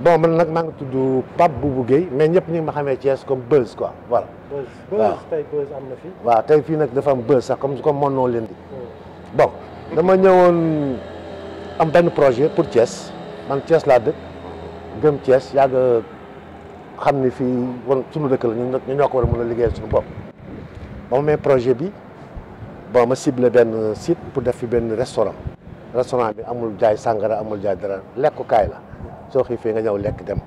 bon man nag maa ngi tudd Pape bu Guèye mais ñëpp ñi ma xamee Thiès comme buzz quoi voilà. buzz buzz fi. waaw tey fii nag dafa am buzz sax comme comme mon nom hmm. bon dama ñëwoon am benn projet pour Thiès man Thiès laa dëkk gëm Thiès yàgg xam ni fii woon suñu dëkk la ñu ñoo ko war a mën a liggéeyal suñu bopp. ba ma projet bi bon ma ciblé benn site pour def fi benn restaurant. restaurant bi amul jaay sàngara amul jaay dara lekkukaay la. soo xiifee nga ñëw lekk dem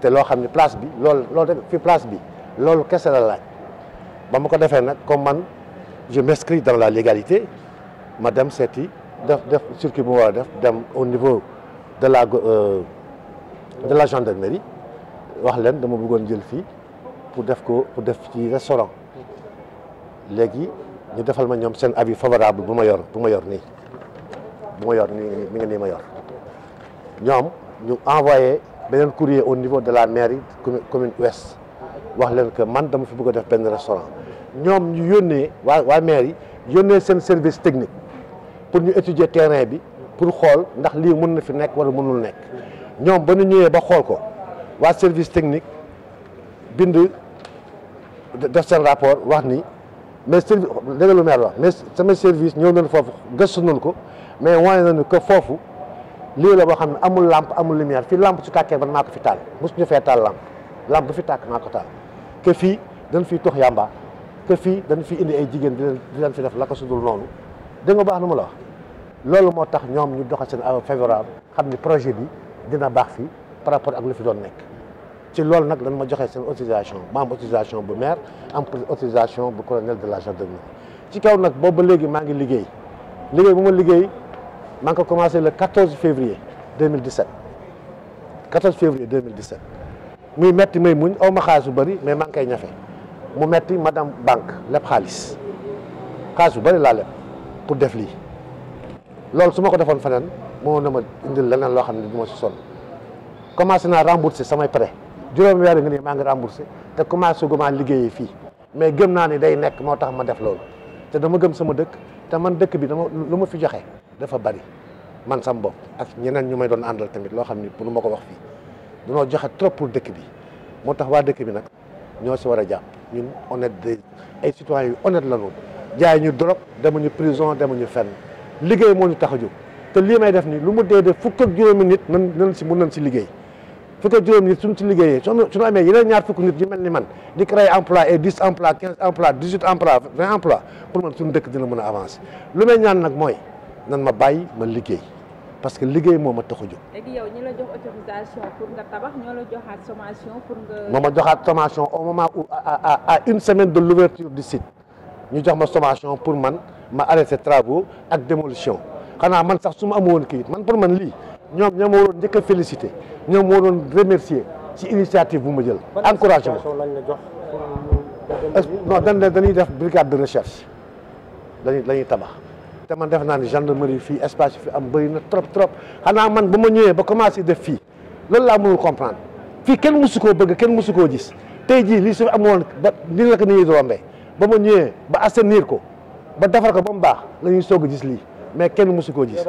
te loo xam ne place bi lool loolu rek fi place bi loolu kese la laaj ba ma ko defee nag comme man je m'inscris dans la légalité ma dem seeti def def circuit bu ma war def dem au niveau de la euh, de la gendarmerie wax leen dama buggoon jël fii pour def ko pour def ci restaurant léegi ñu defal ma ñoom seen avis favorable bu ma yor bu ma yor nii bu ma yor nii mi ngi nii ma yor ñoom. ñu envoyé beneen courier au niveau de la mairie commune ouest wax leen que man dama fi bugg a def benn restaurant ñoom ñu yónnee waa waa mairie yónnee seen service technique pour ñu étudier terrain bi pour xool ndax lii mën na fi nekk wala mënul nekk ñoom ba ñu ñëwee ba xool ko waa service technique bind def seen rapport wax ni mais service dégg lu maire wax mais sama service ñëw nañu foofu gëstu nañu ko mais wane nañu que foofu. lii la boo xam ne amul lampe amul lumière fii lampe su tàkkee ba maa ko fi taal mosuñu fee taal lampe lampe bu fi tàkk maa ko taal que fii dañ fiy tox yàmba que fii dañ fi indi ay jigéen di di leen fi def la ko sudul noonu da nga na mu la wax moo tax ñoom ñu doxal seen aw favorable xam ni projet bi dina baax fii par rapport ak lu fi doon nekk ci loolu nag dañ ma joxee seen autorisation ma am autorisation bu maire am autorisation bu colonel de la gendarmerie ci kaw nag boobu ba léegi maa ngi liggéey liggéey bu ma liggéey maa ngi ko commencé le 14 février 2017 14 février 2017 muy metti may muñ aw ma xaalis bu bari mais maa koy ñafe mu metti ma dem banque leb xaalis xaalis bu bëri laa leb pour def lii loolu su ma ko defoon feneen moo na ma indil leneen loo xam ne du ma si sol commencé naa remboursé samay prêt juróomi weer nga nii maa ngi remboursé te commencé gu maa liggéeyee fii mais gëm naa ni day nekk moo tax ma def loolu te dama gëm sama dëkk te man dëkk bi dama lu ma fi joxe dafa bari man sam bopp ak ñeneen ñu may doon àndal tamit loo xam ni bu nu ma ko wax fii danoo joxe trop pour dëkk bi moo tax waa dëkk bi nag ñoo si war a jàpp ñun honnête de ay citoyens yu honnête la ñu jaay ñu drogue demuñu prison ñu fenn liggéey moo ñu tax a te lii may def ni lu mu dee dee fukk ak juróomi nit nan nan si mun nan si liggéey fukk ak juróom nit suñ ci liggéeye suñu suñu amee yeneen ñaar fukk nit ñu mel ni man di créer emploi et dix emploi quinze emploi dix huit emploi vingt emploi pour man suñu dëkk dina mën a avancer lu may ñaan nag mooy nan ma bàyyi ma liggéey parce que liggéey moo ma tax a moo ma joxaat sommation au moment où une semaine de l'ouverture du site ñu jox ma sommation pour man ma arrêter travaux ak démolition xanaa man sax su ma amoon kii man pour man lii. ñoom ñoo ma waroon njëkk a félicité ñoom waroon doon remercier ci initiative bu ma jël encouragé ma non dañ dañuy def brigade de recherche dañuy dañuy tabax te man def naa ni gendarmerie fii espace fi am bëri na trop trop xanaa man ba ma ñëwee ba commencé def fii loolu laa mënul comprendre fii kenn musu koo bëgg kenn musu koo gis tey jii lii su amoon ba nii la ko nit ñi ba ma ñëwee ba assainir ko ba defar ko ba mu baax lañuy soog a gis lii mais kenn mësu koo gis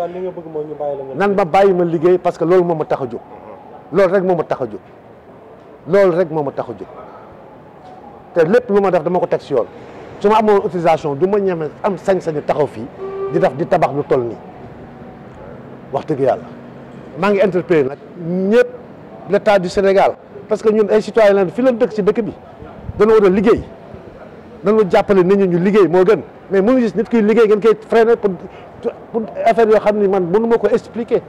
nan ma bàyyi ma liggéey parce que loolu moo ma tax a jóg loolu rek moo ma tax a jóg rek moo ma tax a jóg te lépp lu ma def dama ko teg si yoon su ma amoon autorisation du ma ñeme am sañ-sañu taxaw fii di def di tabax lu toll nii wax dëgg yàlla maa ngi interpellé nag ñëpp l'état du Sénégal parce que ñun ay citoyen la fi lañ dëkk si dëkk bi dañoo war a liggéey dañoo jàppale nit ñi ñu liggéey moo gën mais mënu gis nit kuy liggéey ngeen koy freiné pour pour affaire yoo xam ni man mënu ma ko expliquer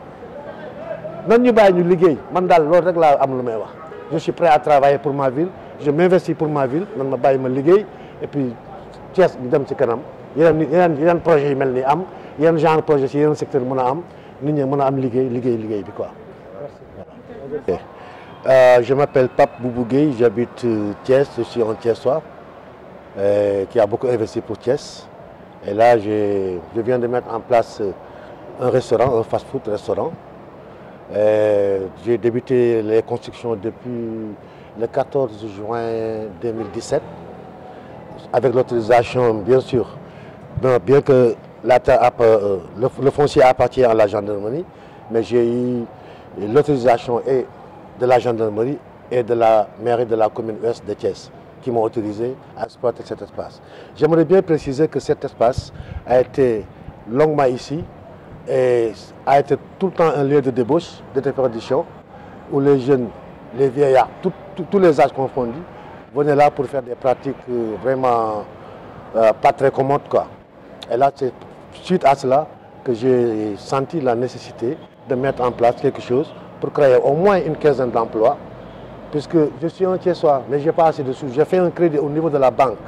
nan ñu bàyyi ñu liggéey man daal loolu rek laa am lu may wax je suis prêt à travailler pour ma ville je m'investis pour ma ville man ma bàyyi ma liggéey et puis ñu dem ci kanam yeneen yeneen yeneen projets yu mel ni am yeneen genre projet si yeneen secteur mën a am nit ñi mën a am liggéey liggéey liggéey bi quoi Euh, je m'appelle Pape Boubougué, j'habite euh, Thiès, je suis un Thiessois euh, qui a beaucoup investi pour Thiès. Et là, je viens en place euh, un restaurant, un fast-food restaurant. J'ai les constructions depuis le 14 juin 2017, avec l'autorisation, bien sûr, non, bien que la terre, euh, le, le, foncier appartient à la gendarmerie, mais j'ai eu l'autorisation de la gendarmerie et de la mairie de la commune ouest de qui m'ont autorisé à exploiter cet espace. J'aimerais bien préciser que cet espace a été longuement ici et a été tout le temps un lieu de débauche, de déperdition, où les jeunes, les vieillards, tout, tout, tous les âges confondus, venaient là pour faire des pratiques euh, vraiment euh, pas très commodes. Quoi. Et là, c'est suite à cela que j'ai senti la nécessité de mettre en place quelque chose pour créer au moins une quinzaine d'emplois puisque je suis un Thiessois, mais j'ai pas assez de sous. J'ai fait un crédit au niveau de la banque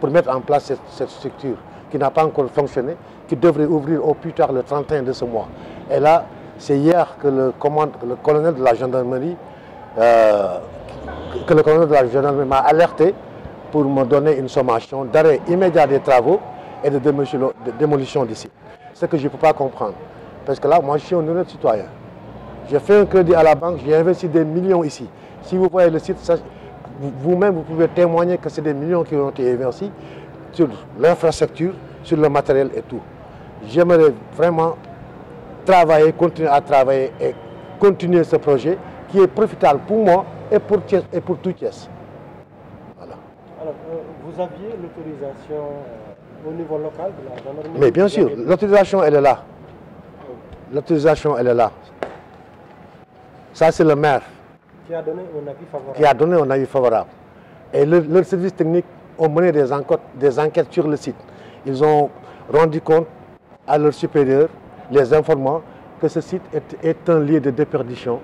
pour mettre en place cette, cette structure qui n'a pas encore fonctionné, qui devrait ouvrir au plus tard le 31 de ce mois. Et là, c'est hier que le, commande, le colonel de la gendarmerie euh, que le colonel de la gendarmerie m'a alerté pour me donner une sommation d'arrêt immédiat des travaux et de démolition d'ici. Ce que je ne peux pas comprendre. Parce que là, moi, je suis un honnête citoyen. J'ai fait un crédit à la banque, j'ai investi des millions ici. Si vous voyez le site, vous-même, vous pouvez témoigner que c'est des millions qui ont été sur l'infrastructure, sur le matériel et tout. J'aimerais vraiment travailler, continuer à travailler et continuer ce projet qui est profitable pour moi et pour, et pour tout Thiès. Voilà. Alors, euh, vous aviez l'autorisation euh, au la gendarmerie Mais bien sûr, l'autorisation, elle est là. Ah l'autorisation, est là. c'est le maire. qui a donné un avis favorable. Qui a donné un avis favorable. Et le, leurs services techniques ont mené des enquêtes, des enquêtes sur le site. Ils ont rendu compte à leurs supérieurs, les informant que ce site est, est un lieu de déperdition,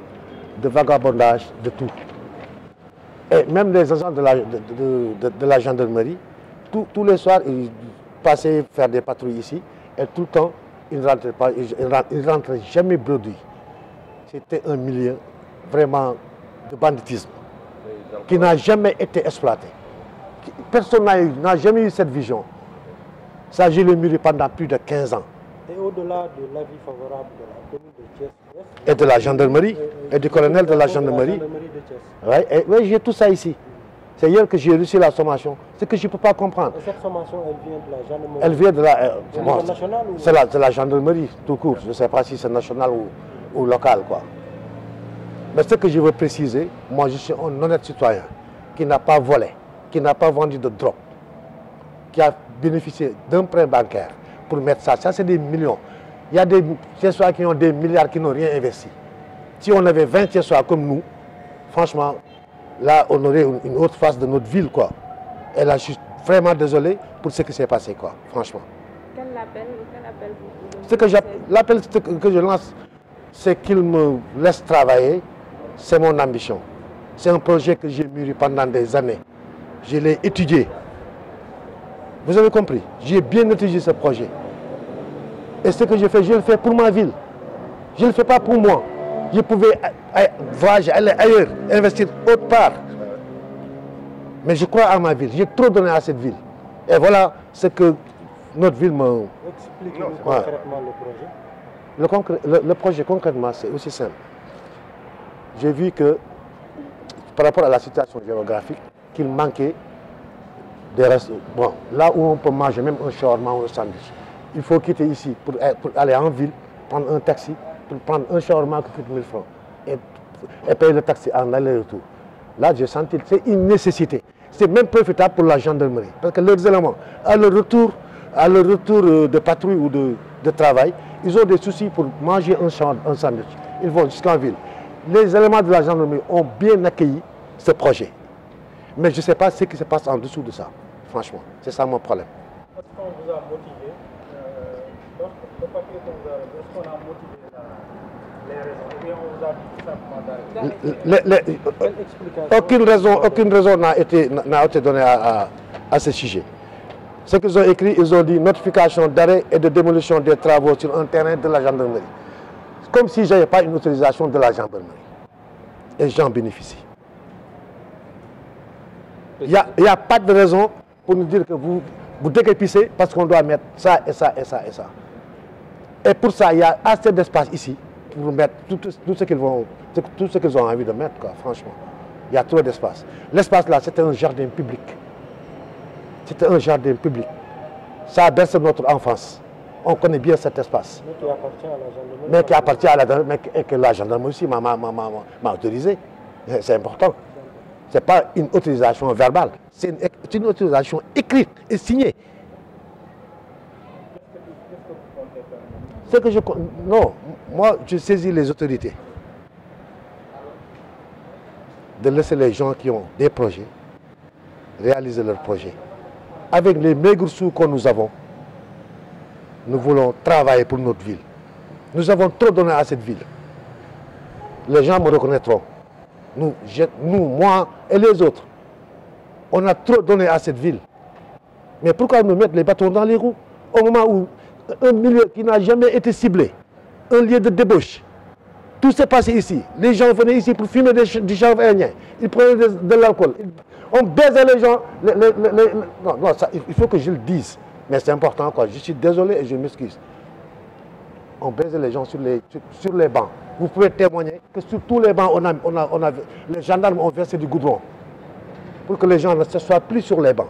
de vagabondage, de tout. Et même les agents de la, de, de, de, la gendarmerie, tout, tous les soirs, ils passaient faire des patrouilles ici et tout le temps, ils ne rentraient, pas, ils, ils rentraient jamais bredouilles. C'était un milieu vraiment de banditisme qui n'a jamais été exploité. Personne n'a jamais eu cette vision. Ça, je l'ai mûri pendant plus de 15 ans. Et au-delà de l'avis favorable de la commune de Thiès Et de la gendarmerie, et, euh, et, euh, et du colonel de la gendarmerie. De la gendarmerie de oui, j'ai tout ça ici. C'est hier que j'ai reçu la sommation. Ce que je ne peux pas comprendre. Et cette sommation, elle vient de la gendarmerie Elle vient de la... Euh, bon, c'est ou... la, la, gendarmerie, tout court. Je ne sais pas si c'est national ou, ou local, quoi. Mais ce que je veux préciser, moi je suis un honnête citoyen qui n'a pas volé, qui n'a pas vendu de drogue, qui a bénéficié d'un prêt bancaire pour mettre ça. Ça, c'est des millions. Il y a des Tiessois qui ont des milliards qui n'ont rien investi. Si on avait 20 Tiessois comme nous, franchement, là, on aurait une autre face de notre ville, quoi. Et là, je suis vraiment désolé pour ce qui s'est passé, quoi, franchement. Quel appel, quel appel vous, vous ce que L'appel que je lance, c'est qu'ils me laissent travailler, c'est mon ambition. C'est un projet que j'ai mûri pendant des années. Je l'ai étudié. Vous avez compris J'ai bien étudié ce projet. Et ce que je fais, je le fais pour ma ville. Je ne le fais pas pour moi. Je pouvais euh, voyager, aller ailleurs, investir autre part. Mais je crois à ma ville. J'ai trop donné à cette ville. Et voilà ce que notre ville me... Expliquez-nous concrètement ouais. le projet. Le, concr... le, le projet, concrètement, c'est aussi simple. j'ai vu que par rapport à la situation géographique, qu'il manquait des restos. Bon, là où on peut manger même un shawarma ou un sandwich, il faut quitter ici pour, pour, aller en ville, prendre un taxi, pour prendre un shawarma qui coûte 1000 francs et, et payer le taxi en aller-retour. Là, j'ai senti que c'est une nécessité. C'est même profitable pour la gendarmerie. Parce que leurs éléments, à leur retour, à leur retour euh, de patrouille ou de, de travail, ils ont des soucis pour manger un, un sandwich. Ils vont jusqu'en ville. les éléments de la gendarmerie ont bien accueilli ce projet. Mais je ne sais pas ce qui se passe en dessous de ça, franchement. C'est ça mon problème. Est-ce qu'on vous a motivé euh, Le papier que vous avez, est-ce qu'on a motivé la, les raisons Ou bien on vous a dit tout simplement les, les, Aucune raison, aucune raison n'a été, été, donnée à, à, à ce sujet. Ce qu'ils ont écrit, ils ont dit notification d'arrêt et de démolition des travaux sur un terrain de la gendarmerie. comme si je n'avais pas une autorisation de la gendarmerie. Et j'en bénéficie. Il n'y a, a, pas de raison pour nous dire que vous, vous décapissez parce qu'on doit mettre ça et ça et ça et ça. Et pour ça, il y a assez d'espace ici pour mettre tout, tout ce qu'ils vont, tout ce qu'ils ont envie de mettre, quoi, franchement. Il y a trop d'espace. L'espace là, c'était un jardin public. C'était un jardin public. Ça berce notre enfance. on connaît bien cet espace. Mais qui appartient à la à la gendarmerie aussi m'a autorisé. C'est important. Ce n'est pas une autorisation verbale, c'est une, une, autorisation écrite et signée. Ce Non, je saisis les autorités de laisser les gens qui ont des projets réaliser leurs projet Avec les maigres sous que nous avons, Nous voulons travailler pour notre ville. Nous avons trop donné à cette ville. Les gens me reconnaîtront. Nous, je, nous, moi et les autres. On a trop donné à cette ville. Mais pourquoi nous mettre les bâtons dans les roues au moment où un milieu qui n'a jamais été ciblé, un lieu de débauche, tout s'est passé ici. Les gens venaient ici pour fumer du chanvre aérien. Ils prenaient de, de On baisait les gens. il faut que je le dise. Mais c'est important, quoi. Je suis désolé et je m'excuse. On baise les gens sur les, sur, sur, les bancs. Vous pouvez témoigner que sur tous les bancs, on a, on a, on a les gendarmes ont versé du goudron pour que les gens ne se soient plus sur les bancs.